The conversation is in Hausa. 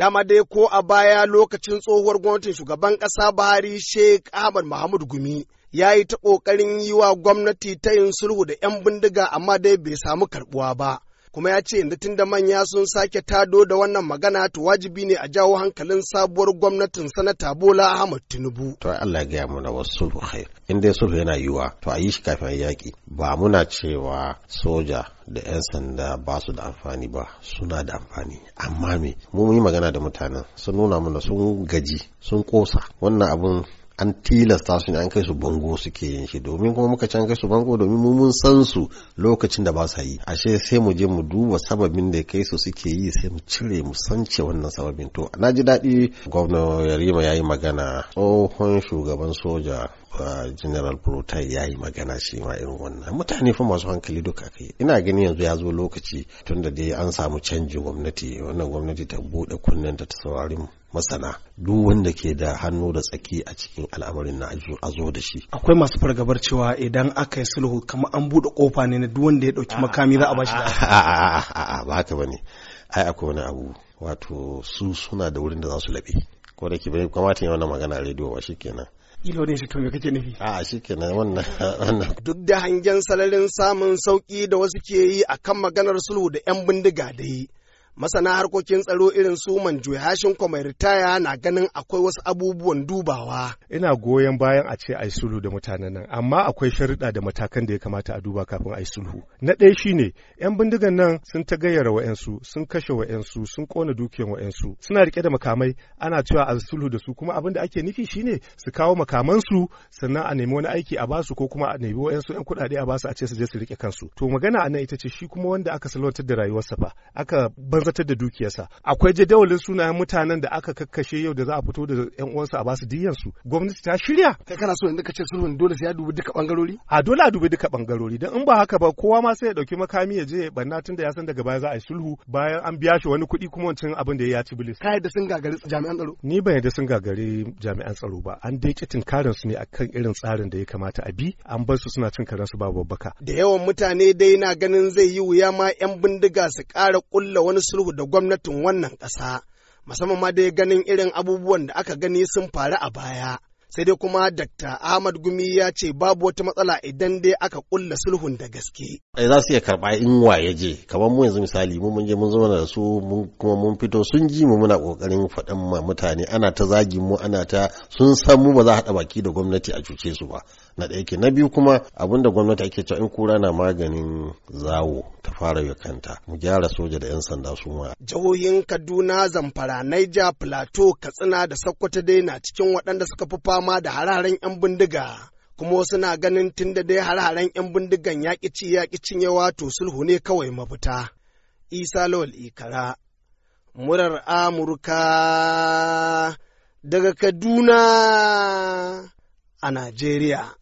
Dama dai ko a baya lokacin tsohuwar gwamnatin shugaban ƙasa Buhari Sheikh Ahmad Muhammad Gumi ya yi ta ƙoƙarin yi wa gwamnati ta yin sulhu da 'yan bindiga amma dai bai samu karɓuwa ba. kuma ya ce yanzu tun da manya sun sake tado da wannan magana to wajibi ne a jawo hankalin sabuwar gwamnatin sanata Bola Ahmad Tinubu. To Allah ya gaya muna wasu sulhu khair. In dai sulhu yana yiwa to a yi shi kafin a yaƙi. Ba muna cewa soja da 'yan sanda ba su da amfani ba suna da amfani amma me mu yi magana da mutanen sun nuna mana sun gaji sun kosa wannan abun an tilasta su ne an kai su bango suke yin shi domin kuma muka can kai su bango domin mu mun san su lokacin da ba sa yi ashe sai mu je mu duba sababin da kai su suke yi sai mu cire mu san ce wannan sababin to na ji daɗi gwamna yarima ya yi magana tsohon shugaban soja general protein ya yi magana shi ma irin wannan mutane fa masu hankali duka kai ina gani yanzu ya zo lokaci tunda dai an samu canji gwamnati wannan gwamnati ta buɗe kunnen ta ta saurari mu masana duk wanda ke da hannu da tsaki a cikin al'amarin na a zo da shi akwai masu fargabar cewa idan aka yi sulhu kama an buɗe kofa ne na duk wanda ya ɗauki makami za a bashi a ba haka bane ai akwai wani abu wato su suna da wurin da za su laɓe ko da ke bai kamata yi wannan magana a rediyo ba kenan ilo ne shi to me kake nufi a kenan wannan wannan duk da hangen salarin samun sauki da wasu ke yi akan maganar sulhu da yan bindiga da yi Masana harkokin tsaro irin su Manjoy Hashin mai ritaya na ganin akwai wasu abubuwan dubawa. Ina goyon bayan a ce ai sulhu da mutanen nan, amma akwai sharuɗa da matakan da ya kamata a duba kafin ai sulhu. Na ɗaya shine 'yan bindigan nan sun ta gayyara wa'yansu, sun kashe wa'yansu, sun ƙona dukiyar wa'yansu, suna rike da makamai, ana cewa a sulhu da su kuma abin da ake nufi shine su kawo makamansu sannan a nemi wani aiki a basu ko kuma a nemi wa'yansu 'yan kuɗaɗe a basu a ce su je su rike kansu. To magana a nan ita ce shi kuma wanda aka salwantar da rayuwarsa fa, aka banza tabbatar da dukiyarsa akwai jadawalin sunayen mutanen da aka kakkashe yau da za a fito da yan uwansu a basu diyyar su gwamnati ta shirya kai kana so yanzu ka ce sulhun dole sai ya dubi duka bangarori a dole a dubi duka bangarori dan in ba haka ba kowa ma sai ya dauki makami ya je ya banna tun da ya san daga baya za a yi sulhu bayan an biya shi wani kuɗi kuma wancan abin da ya ci bilis kai da sun gagari jami'an tsaro ni ban yadda sun gagari jami'an tsaro ba an dai kitin karin su ne akan irin tsarin da ya kamata a bi an bar su suna cin karen su ba babbaka da yawan mutane dai na ganin zai yi wuya ma yan bindiga su ƙara kulla wani sulhu sulhu da gwamnatin wannan ƙasa, musamman ma dai ganin irin abubuwan da aka gani sun faru a baya. sai dai kuma Dr. Ahmad Gumi ya ce babu wata matsala idan dai aka kulla sulhun da gaske. Eh, za su iya karɓa in waye je, kamar mu yanzu misali mu mun je mun zama da su mun kuma mun fito sun ji mu muna kokarin faɗan ma mutane ana ta zagi mu ana ta sun san mu ba za haɗa baki da gwamnati a cuce su ba. Na ɗaya ke na biyu kuma abin da gwamnati ake cewa in kura na maganin zawo ta fara ya kanta mu gyara soja da 'yan sanda su ma. Jihohin Kaduna, Zamfara, Niger, Plateau, Katsina da Sokoto dai na cikin waɗanda suka fi fama da hararen 'yan bindiga kuma wasu na ganin tun da dai hararen 'yan bindigan ya ci ya cinyewa to sulhu ne kawai mafita. Isa Lawal Ikara Murar Amurka daga Kaduna a Najeriya.